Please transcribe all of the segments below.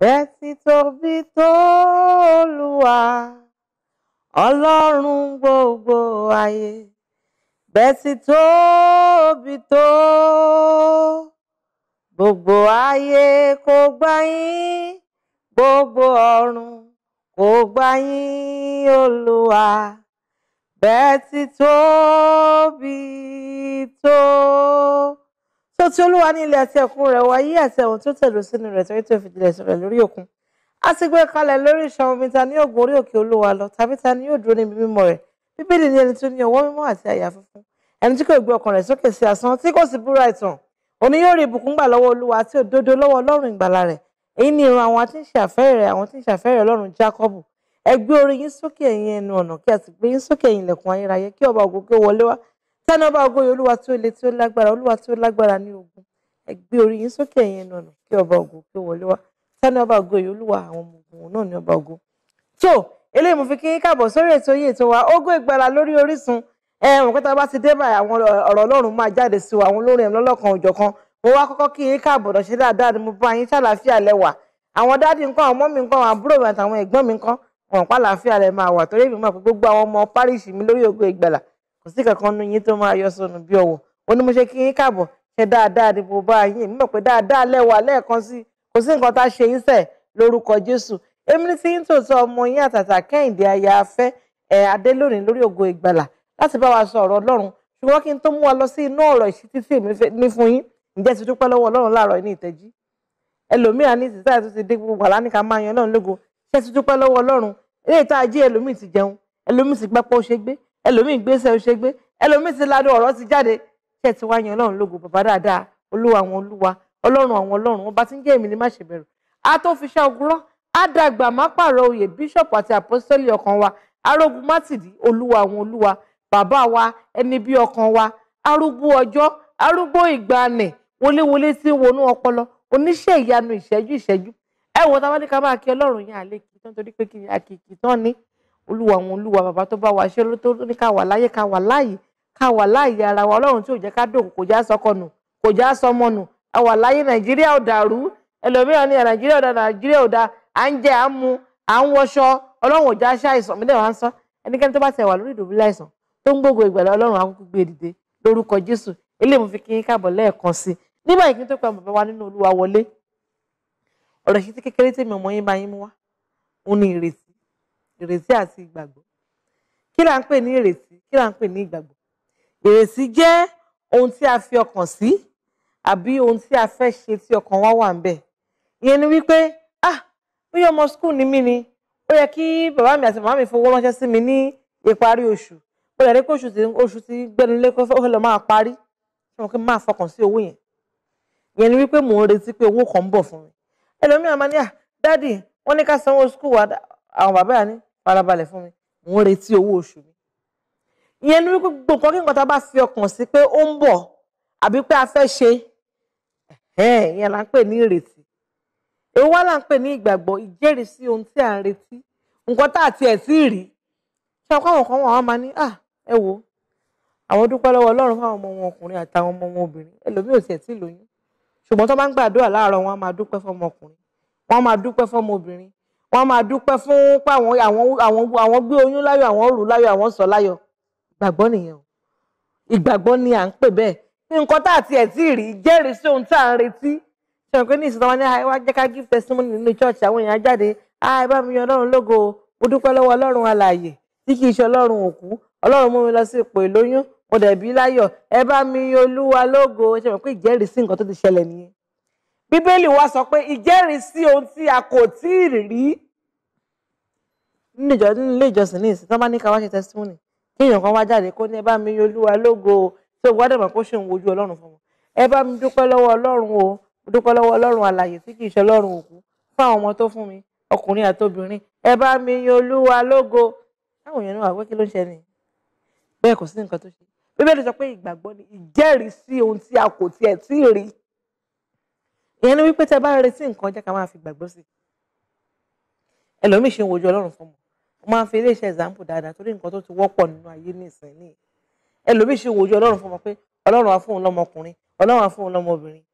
bẹ́ẹ̀ ti tóbi tó Olúwa ọlọ́run gbogbo ayé bẹ́ẹ̀ ti tóbi tó gbogbo ayé kò gbà yín gbogbo ọ̀run kò gbà yín Olúwa bẹ́ẹ̀ tóbi tó tó ti olúwa ní ilẹ̀ àti ẹ̀kún rẹ̀ wá yí àti ẹ̀wọ̀n tó tẹ̀dó sínú rẹ̀ torí tó fìdílẹ̀ sọ̀rọ̀ lórí òkun a ti gbé kalẹ̀ lórí ìṣàn omi ta ní ògùn orí òkè olúwa lọ tàbí ta ní òdúró níbi mímọ́ rẹ̀ bíbélì ní ẹni tó ní ọwọ́ mímọ́ àti àyà funfun ẹni tí kò gbé ọkàn rẹ̀ sókè sí asán tí kò sì búra ìtàn òní yóò rí ìbùkún gbà lọ́wọ́ olúwa àti òdodo lọ́wọ́ ọlọ́run ìgbàlà rẹ̀ èyí ni ìran àwọn tí ń ṣàfẹ́rẹ̀ àwọn tí ń kánà bá ògo yìí olúwa tí ó le tí ó lágbára olúwa tí ó lágbára ní ogun ẹ orí yín sókè ẹ̀yin nànà kí ọba ògo kí ó wọlé wá kánà bá ògo olúwa àwọn ọmọ ogun náà ní ọba ògo. tó eléyìí mo fi kí yín káàbọ̀ sórí ètò yìí ètò wa Ògo Ìgbàlà lórí Orísun ẹ wọn kọ́ta bá ti dé báyìí àwọn ọ̀rọ̀ Ọlọ́run máa jáde sí wa àwọn olórin ẹ̀mí òjọ̀kan mo wá kọ́kọ́ kí yín káàbọ̀ ṣe dáadáa ni mo bá yín ṣàlàáfíà lẹ́wà àwọn dáàdì nǹkan àwọn ọmọ mi nǹkan àwọn àbúrò mi àtàwọn ẹ̀gbọ́n mi nǹkan wọn pàlàáfíà lẹ máa wà torí èmi mọ̀ pé gbogbo àwọn ọmọ parish mi lórí Ògo Ìgbàlà kò sí kankan nu yín tó máa yọ sọnù bí ọwọ́ ó ní mo ṣe kí yín káàbọ̀ ṣe dáadáa ni mo bá yín èmi mọ̀ pé dáadáa lẹ́wà lẹ́ẹ̀kan sí kò sí nǹkan tá a ṣe yín sẹ̀ lórúkọ Jésù èmi ní tí yín tòótọ́ ọmọ yín àtàtà Kẹ́hìndé Ayáfẹ́ ẹ̀ adé lónìí lórí ògo ìgbàlà láti bá wa sọ ọ̀rọ̀ Ọlọ́run ṣùgbọ́n kí n tó mú wa lọ sí inú ọ̀rọ̀ ìṣítí tí èmi ní fún yín ǹjẹ́ ti dúpẹ́ lọ́wọ́ Ọlọ́run láàárọ̀ ní ìtẹ́jú ẹlòmíà ní ìsìsáyà tó ti dé gbogbo àlá máa yan Ọlọ́run lógo ṣé ti dúpẹ́ lọ́wọ́ Ọlọ́run eré ìta ajé ẹlòmíì ti jẹun ẹlòmíì ti gbapò ṣe gbé ẹlòmíì gbèsè òṣègbè ẹlòmíì ti ládùn ọ̀rọ̀ ti jáde ṣe ti wá yan ọlọ́run lógo bàbá dáadáa olúwa àwọn olúwa ọlọ́run àwọn ọlọ́run ọba tí ń jẹ́ èmi ni má ṣe bẹ̀rù a tó fi ṣá ogurọ́ á dàgbà má pààrọ̀ oyè bíṣọ̀pù àti àpọ́sítẹ́lì ọkàn wa arógun mátìdí olúwa àwọn olúwa bàbá wa ẹni bí ọkàn wa arúgbó ọjọ́ arúgbó ìgbàanì wọléwọlé tí ń wọnú ọpọlọ oníṣẹ́ ìyanu ìṣẹ́jú ìṣẹ́jú ẹ wò táwọn ní ká máa kí ọlọ́run yẹn àlékí tán torí pé kí ni àkìkì tán ni olúwa àwọn olúwa bàbá tó bá wa ṣe ló tó ní ká wà láyé ká wà láàyè ká wà láàyè ara wa ọlọ́run tí ò jẹ́ ká dòkú kò já sọkọ nù kò já sọmọ nù a wà láyé nàìjíríà ò dàrú ẹlòmíràn ní nàìjíríà ò dà nàìjíríà ò dà à ń jẹ à ń mu à ń wọṣọ ọlọ́run ò já ṣe àìsàn mi náà wá ń sọ ẹnikẹ́ni tó bá ti wà lórí ìdòbílẹ̀ àìsàn tó ń gbógo ìgbàlá ọlọ́run akókó e ìrètí ìrètí àti ìgbàgbọ́ kí là ń pè ní ìrètí kí là ń pè ní ìgbàgbọ́ ìrètí jẹ́ ohun tí a fi ọkàn sí àbí ohun tí a fẹ́ ṣe tí ọkàn wa wà ń bẹ̀ ìyẹn ni wípé ah bóyá ọmọ skul ni mí ni ó yẹ kí bàbá mi àti màmá mi fowó ránṣẹ́ sí mi ní ìparí oṣù ó yẹ kí oṣù tí oṣù tí gbẹnu lé kó fẹ́ lọ máa parí ṣé wọn kí n máa fọkàn sí owó yẹn ìyẹn ni wípé mò ń retí pé owó kan ń bọ̀ fún mi ẹlòmíràn máa ní à ah, dádì wọ́n ní ká sanwó skul wa àwọn bàbá yà ni farabalẹ̀ fún mi mò ń retí owó oṣù mi ìyẹn ní wípé gbogbo nǹkan kí nǹkan tá a bá fi ọkàn sí pé ó ń bọ̀ àbí pé a fẹ́ ṣe ìyẹn là ń pè ní ìrètí èwo wá là ń pè ní ìgbàgbọ́ ìjẹ́rìísí ohun tí à ń retí nǹkan tá àti ẹ̀ tí rí ṣé ọkọ àwọn kan wọn àwọn máa ní à ẹ wo àwọn dúpẹ́ lọ́wọ́ ọlọ́run fáwọn ọmọ wọn ọkùnrin àtàwọn ọmọ wọn obìnrin ẹlòmíì ò tiẹ̀ tí ì lóyún ṣùgbọ́n tó bá ń gbàdúrà láàárọ̀ wọn á máa dúpẹ́ fọmọ ọkùnrin wọn á máa dúpẹ́ fọmọ obìnrin wọ́n máa dúpẹ́ fún páwọn àwọn àwọn àwọn gbé oyún láyọ̀ àwọn rù láyọ̀ àwọn sọ láyọ̀ ìgbàgbọ́ nìyẹn o ìgbàgbọ́ ni à ń pè bẹ́ẹ̀ ní nǹkan tá àti ẹ̀ tí ì rí jẹ́rìí sí ohun tá à ń retí ṣèwọ̀n pé ní ìsìn táwọn ní àìwá jẹ́ ká give testimony nínú church àwọn èèyàn jáde àì bá mi yan ọlọ́run lógo mo dúpẹ́ lọ́wọ́ ọlọ́run alààyè tí kì í ṣe ọlọ́run òkú ọlọ́run mú mi lọ sí ipò ìlóyún mo dẹ̀ bí láyọ̀ ẹ bá mi olúwa lógo ṣèwọ̀n pé ìjẹ́rìí sí nǹkan tó ti ṣẹlẹ̀ nìyẹn bíbélì wa sọ pé ìjẹ́rìísí ohun tí a kò tí ì rí nílé ìjọsìn ní ìsìn tí wọ́n bá ní ká wá ṣe testimony kí èèyàn kan wá jáde kó ní ẹ bá mi olúwa lógo tí o gbọ́dọ̀ mọ̀ kó ṣe ń wojú ọlọ́run fún wọn ẹ bá mi dúpẹ́ lọ́wọ́ ọlọ́run o dúpẹ́ lọ́wọ́ ọlọ́run alààyè tí kì í ṣe ọlọ́run òkú fún àwọn ọmọ tó fún mi ọkùnrin àtobìnrin ẹ bá mi yin olúwa lógo táwọn èèyàn náà pé kí ló ń ṣe nìyí bẹ́ẹ̀ kò sí nǹkan tó ṣe bíbélì sọ pé ìgbàgbọ́ ni ìjẹ́rìísí ohun tí a kò tiẹ̀ tí ì rí ìyẹn ni wípé tẹ bá retí nǹkan jẹ́ ká máa fi gbàgbọ́ sí i ẹlòmíì ṣe ń wojú ọlọ́run fún mi mo máa ń fi ilé iṣẹ́ example dáadáa torí nǹkan tó ti wọ́pọ̀ nínú ayé nìsín ní ẹlòmíì ṣe ń wojú ọlọ́run fún mi pé ọlọ́run á fún òun lọ́mọkùnrin ọlọ́run á fún òun lọ́mọbìnrin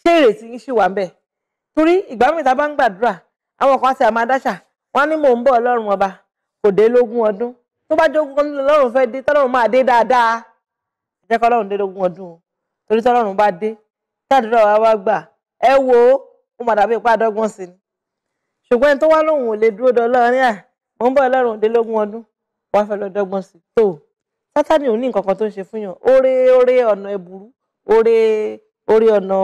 ṣé ìrètí yín ṣì wà ń bẹ̀ torí ìgbà mi ta bá ń gbàdúrà àwọn kan àti àmàdáṣà wọn ní mò ń bọ̀ ọlọ́run ọba kò dé lógún ọdún tó bá jogún ọlọ́run fẹ́ dé tàdúrà wa wá gbà ẹ wo ó mà dàbí ipá dọ́gbọ́n sí ni ṣùgbọ́n ẹni tó wá lóun ò lè dúró dọ́lọ́ ní à mò ń bọ̀ ọlọ́run òdélógún ọdún wàá fẹ́ lọ dọ́gbọ́n sí tó sátani ò ní nǹkan kan tó ń ṣe fún yàn oore oore ọ̀nà ẹ̀bùrú oore oore ọ̀nà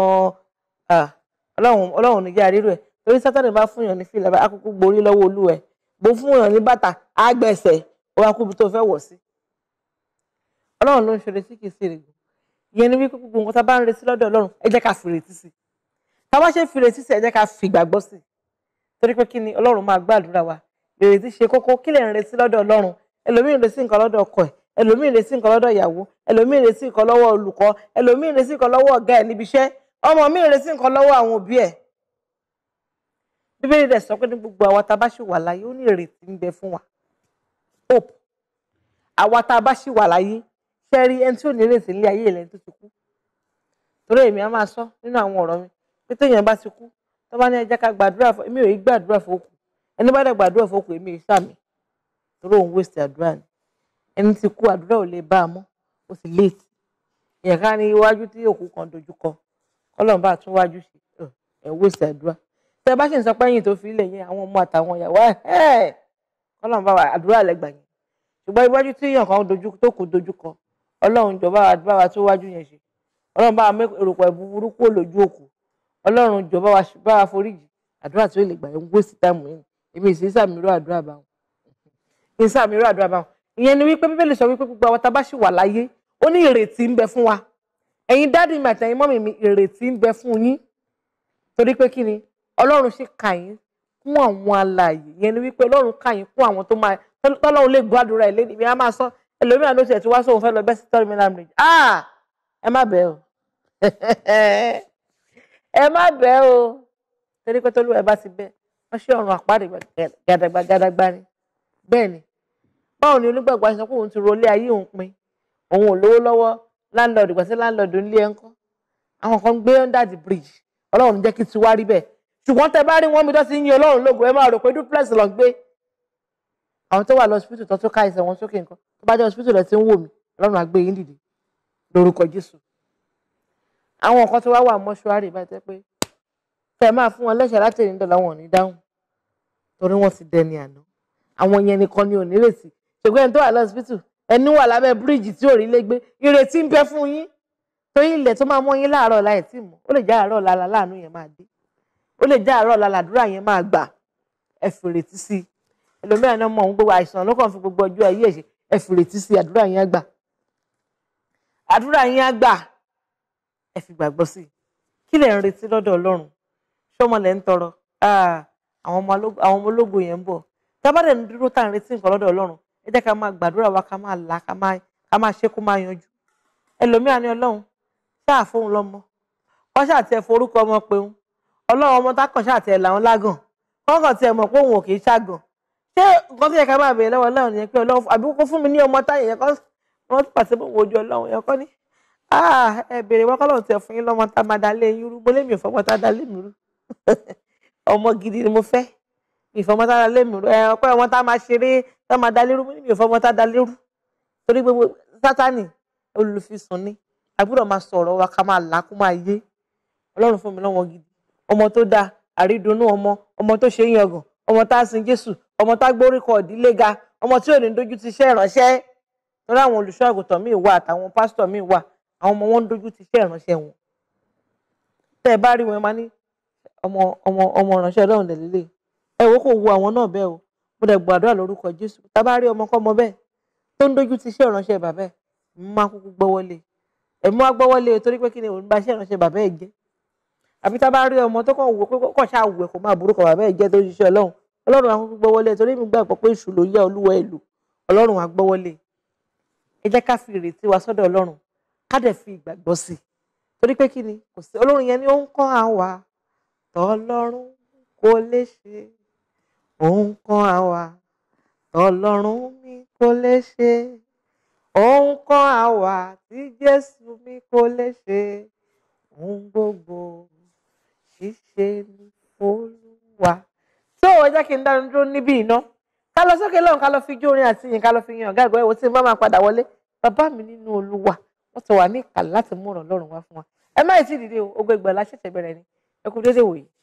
ọlọ́run ọlọ́run níjà rírò ẹ̀ torí sátani bá fún yàn ní fìlà bá akókó gborí lọ́wọ́ olú ẹ̀ bó fún ní bàtà àgbẹ̀sẹ̀ ó wá kúbi tó fẹ́ wọ̀ sí ọlọ́run ló ń ṣeré sí kìí sí ìrìgbò ìyẹn ni wípé gbogbo nǹkan tá a bá ń retí lọ́dọ̀ ọlọ́run ẹ jẹ́ ká fìrètí sí i tá a bá ṣe fìrètí sí ẹ jẹ́ ká fìgbàgbọ́ sí i torí pé kí ni ọlọ́run máa gbàdúrà wa ìrètí ṣe kókó kí lè ń retí lọ́dọ̀ ọlọ́run ẹlòmíì ń retí nǹkan lọ́dọ̀ ọkọ ẹ̀ ẹlòmíì ń retí nǹkan lọ́dọ̀ ìyàwó ẹlòmíì ń retí nǹkan lọ́wọ́ olùkọ́ ẹlòmíì ń retí nǹkan lọ́wọ́ ọ̀gá ẹ̀ níbi iṣẹ́ ọmọ mi ń retí nǹkan lọ́wọ́ àwọn a bá ṣì wà ṣẹ́rí ẹni tí ò ní rèsì ilé ayé ilẹ̀ tó ti kú torí èmi á máa sọ nínú àwọn ọ̀rọ̀ mi pé téèyàn bá ti kú tó bá ní ẹ jẹ́ ká gbàdúrà fún èmi ò yí gbàdúrà fún òkú ẹni bá dẹ̀ gbàdúrà fún òkú èmi ìsàmì torí òun wéṣẹ̀ àdúrà ni ẹni tí kú àdúrà ò lè bá a mọ́ ó sì léètì ìyẹn ká ní iwájú tí òkú kan dojú kọ kọ́lọ́n bá tún wájú ṣe ẹ̀ wéṣẹ̀ àdúrà tẹ bá sì ń sọ pé ẹ̀yìn tó fi ilẹ̀ yẹn àwọn ọmọ àtàwọn ìyàwó ẹ̀ kọ́lọ́n bá àdúrà lẹ́gbàá yẹn ṣùgbọ́n iwájú tí èèyàn kan dojú tó kù dojú kọ ọlọ́run jọba bá wa tó wájú yẹn ṣe ọlọ́run bá wa mú èròpọ̀ ìbúburú kúrò lójú òkú ọlọ́run jọba bá wa foríjì àdúrà tí ó lè gbà yẹn gbósì táìmù yẹn èmi ìsìn sàmìíró àdúrà bá wọn ìsìn sàmìíró àdúrà bá wọn ìyẹn ni wípé bíbélì sọ wípé gbogbo àwọn tábà sì wà láyé ó ní ìrètí ń bẹ fún wa ẹ̀yin dáàdì mi àti ẹ̀yin mọ́mì mi ìrètí ń bẹ fún yín torí pé kí ni ọlọ́run sì kà yín kún àwọn alààyè ìyẹn ni wípé ọlọ́run kà yín kún àwọn tó máa tọ́lọ́run lè gbàdúrà ẹ̀ lẹ́nu mi á máa sọ ẹlòmíràn ló tiẹ̀ ti wá sóhun fẹ́ lọ bẹ́sí tọ́lùmí lambridge ah ẹ má bẹ́ẹ̀ o ẹ má bẹ́ẹ̀ o torí pé tolúwa ẹ bá ti bẹ́ẹ̀ wọ́n ṣe ọ̀run àpáàdé gàdàgbà gàdàgbà ni bẹ́ẹ̀ ni báwo ni onígbàgbọ́ aṣọ pé òun ti rolé ayé òun pin òun ò lówó lọ́wọ́ láńlọ́ọ̀dù gbàtí láńlọ́ọ̀dù ńlé ẹ̀ńkọ́ àwọn kan gbé under the bridge ọlọ́run jẹ́ kí tiwa rí bẹ́ẹ̀ ṣùgbọ́n tẹ bá rí wọn mi tó ti ń yin ọlọ́run lógo ẹ máa rò pé duplex lọ gbé àwọn tó wà lọ hospital tó tó ká ẹsẹ̀ wọn sókè nǹkan tó bá jẹ́ hospital lẹ ti ń wò mí ọlọ́run á gbé yín dìde lórúkọ jésù àwọn nǹkan tí wàá wà mọ́ṣúárì bá jẹ́ pé fẹ́ máa fún wọn lẹ́sẹ̀ láti èyí dọ̀là wọn ò ní dáhùn torí wọ́n ti dẹni àná àwọn yẹn nìkan ni ò nírètí ṣùgbọ́n ẹni tó wà lọ́sibítù ẹni wà lábẹ́ bíríìjì tí ò rí lé gbé ìrètí ń bẹ fún yín torí ilẹ̀ tó máa mọ́ yín láàárọ̀ láì tí mọ́ ó lè jẹ́ àárọ̀ lálá láàánú yẹn máa dé ó lè jẹ́ àárọ̀ lálá àdúrà yẹn máa gbà ẹ fèrètí sí i ẹlòmíràn náà mọ̀ ń gbogbo àìsàn ló kàn fi gbogbo ọjọ́ ayé ẹ̀ ṣe ẹ fi retí sí àdúrà yín á gbà àdúrà yín á gbà ẹ fi gbàgbọ́ sí i kí lẹ̀ ń retí lọ́dọ̀ ọlọ́run ṣọmọ lẹ̀ ń tọrọ àwọn ọmọ ológun yẹn ń bọ̀ tábàdẹ̀ ń dúró tá à ń retí nǹkan lọ́dọ̀ ọlọ́run ẹ jẹ́ ká máa gbàdúrà wa ká máa là ká máa ṣe kó máa yanjú ẹlòmíà ní ọlọ́run ṣáà fóun lọ́mọ wọ́n ṣáà tiẹ̀ forúkọ ọmọ pé òun ọlọ́run ọmọ tákàn ṣáà tiẹ̀ làwọn lágàn kọ́kàn tiẹ̀ mọ̀ pé òun ò kì í ṣàgàn ṣé nǹkan tó yẹ ká máa bèèrè lọ́wọ́ ọlọ́run yẹn pé ọlọ́run àbí kó fún mi ní ọmọ táyà yẹn kọ́ wọ́n pàṣẹ bò wojú ọlọ́run yẹn kọ́ ni ah, ẹ bèrè wọ́n kọ́lọ́run tẹ̀ fún yín lọ́mọ tá máa dalé yín rú bólé mi ìfọwọ́ tá dalé mi rú ọmọ gidi ni mo fẹ́ ìfọwọ́ tá dalé mi rú ẹ ọpẹ́ ọmọ tá máa ṣeré tá máa dalé rú mi ìfọwọ́ tá dalé rú torí gbogbo sátani olùfisùn ni àgbúrò máa sọ̀rọ̀ wa ká máa là kó máa yé ọlọ́run fún mi lọ́mọ gidi ọmọ tó dáa àrídùnnú ọmọ ọmọ tó ṣe é yangàn ọmọ tá a sin Jésù ọmọ tá gbóríkọ ìdílé ga ọmọ tí ò ní dojú ti iṣẹ́ ìránṣẹ́ torí àwọn olùṣọ́ àgùntàn míì wà àtàwọn pásítọ̀ míì wà àwọn ọmọ wọn ń dojú ti iṣẹ́ ìránṣẹ́ wọn tẹ́ ẹ bá rí wọn máa ní ọmọ ọmọ ọmọ ìránṣẹ́ Ọlọ́run lẹlẹlẹ ẹ wo kò wu àwọn náà bẹ́ẹ̀ o mo dẹ̀ gbàdúrà lórúkọ Jésù tá a bá rí ọmọ kọ́mọ bẹ́ẹ̀ tó ń dojú ti iṣẹ́ ìránṣẹ́ bàbá ẹ má kúkú gbọ́wọ́lé ẹ mú agbọ́wọ́lé torí pé kí ni òun bá iṣẹ́ ìránṣẹ́ bàbá ẹ jẹ́ àbí tá a bá rí ọmọ tó kàn wù kó ṣáà wù ẹ kó má burúkọ bàbá ẹ jẹ́ tó ń ṣiṣẹ́ Ọlọ́run ọlọ́run àwọn gbọ́ wọlé torí mi gbàgbọ́ pé èṣù ló yá olúwa èlò ọlọ́run á gbọ́ wọlé e. ẹ jẹ́ ká fi ìrètí wa sọ́dọ̀ ọlọ́run ká dẹ̀ fi ìgbàgbọ́ sí i torí pé kí ni kò sí ọlọ́run yẹn ni ó ń kọ́ àwa tọ́lọ́run kò lè ṣe ó kọ́ àwa tọ́lọ́run mi kò lè ṣe òun kọ́ àwa tí jésù mi kò lè ṣe ohun gbogbo ṣíṣe olúwa tó o jẹ́ kí n dánu dúró níbí iná ká lọ sókè lọ́run ká lọ fi jó orin àti yìn ká lọ fi yan ọ̀gá ìgbọ́ ẹ̀wò tí n bá máa padà wọlé bàbá mi nínú olúwa wọ́n ti wà ní ìkàlẹ̀ láti mú ọ̀rọ̀ lọ́rùn wá fún wa ẹ má ì tí ì dìde o Ògo Ìgbàlà ṣẹ̀ṣẹ̀ bẹ̀rẹ̀ ni ẹ kú déédéé wòyí.